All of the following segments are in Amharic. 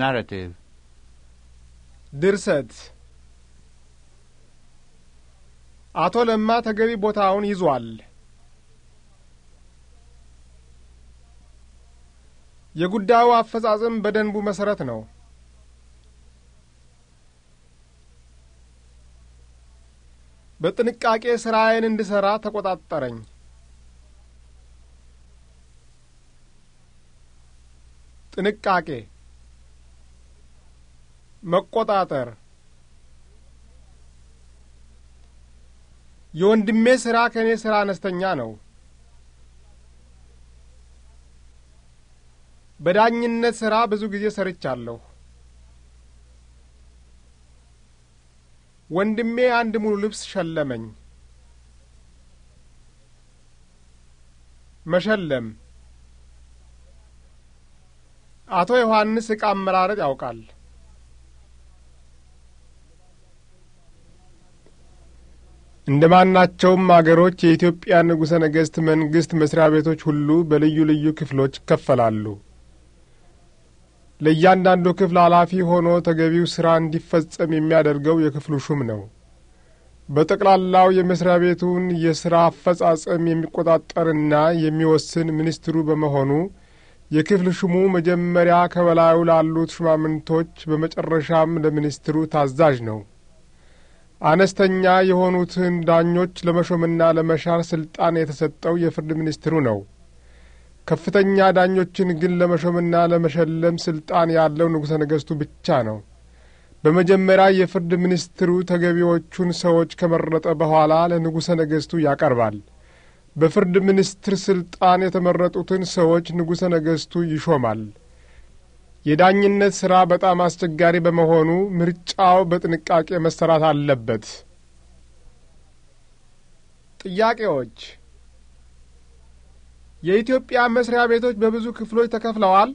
ናራቲቭ ድርሰት አቶ ለማ ተገቢ ቦታውን ይዟል። የጉዳዩ አፈጻጸም በደንቡ መሰረት ነው። በጥንቃቄ ስራዬን እንድሰራ ተቆጣጠረኝ። ጥንቃቄ መቆጣጠር የወንድሜ ስራ ከእኔ ስራ አነስተኛ ነው። በዳኝነት ስራ ብዙ ጊዜ ሰርቻለሁ። ወንድሜ አንድ ሙሉ ልብስ ሸለመኝ። መሸለም አቶ ዮሐንስ ዕቃ አመራረጥ ያውቃል። እንደ ማናቸውም አገሮች የኢትዮጵያ ንጉሠ ነገሥት መንግሥት መስሪያ ቤቶች ሁሉ በልዩ ልዩ ክፍሎች ይከፈላሉ። ለእያንዳንዱ ክፍል ኃላፊ ሆኖ ተገቢው ሥራ እንዲፈጸም የሚያደርገው የክፍሉ ሹም ነው። በጠቅላላው የመስሪያ ቤቱን የሥራ አፈጻጸም የሚቆጣጠርና የሚወስን ሚኒስትሩ በመሆኑ የክፍል ሹሙ መጀመሪያ ከበላዩ ላሉት ሹማምንቶች በመጨረሻም ለሚኒስትሩ ታዛዥ ነው። አነስተኛ የሆኑትን ዳኞች ለመሾምና ለመሻር ስልጣን የተሰጠው የፍርድ ሚኒስትሩ ነው። ከፍተኛ ዳኞችን ግን ለመሾምና ለመሸለም ስልጣን ያለው ንጉሠ ነገሥቱ ብቻ ነው። በመጀመሪያ የፍርድ ሚኒስትሩ ተገቢዎቹን ሰዎች ከመረጠ በኋላ ለንጉሠ ነገሥቱ ያቀርባል። በፍርድ ሚኒስትር ስልጣን የተመረጡትን ሰዎች ንጉሠ ነገሥቱ ይሾማል። የዳኝነት ሥራ በጣም አስቸጋሪ በመሆኑ ምርጫው በጥንቃቄ መሰራት አለበት። ጥያቄዎች የኢትዮጵያ መስሪያ ቤቶች በብዙ ክፍሎች ተከፍለዋል።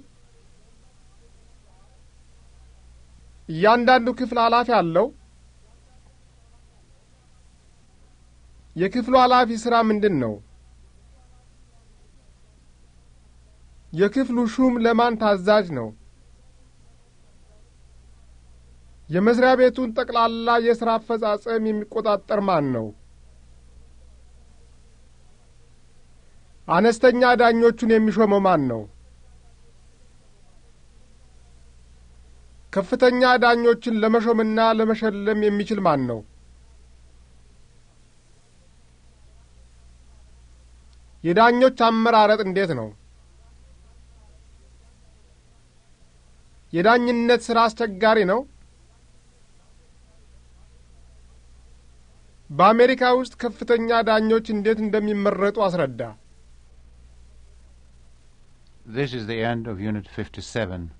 እያንዳንዱ ክፍል ኃላፊ አለው። የክፍሉ ኃላፊ ሥራ ምንድን ነው? የክፍሉ ሹም ለማን ታዛዥ ነው? የመስሪያ ቤቱን ጠቅላላ የሥራ አፈጻጸም የሚቆጣጠር ማን ነው? አነስተኛ ዳኞቹን የሚሾመው ማን ነው? ከፍተኛ ዳኞችን ለመሾምና ለመሸለም የሚችል ማን ነው? የዳኞች አመራረጥ እንዴት ነው? የዳኝነት ሥራ አስቸጋሪ ነው? በአሜሪካ ውስጥ ከፍተኛ ዳኞች እንዴት እንደሚመረጡ አስረዳ። This is the end of Unit 57.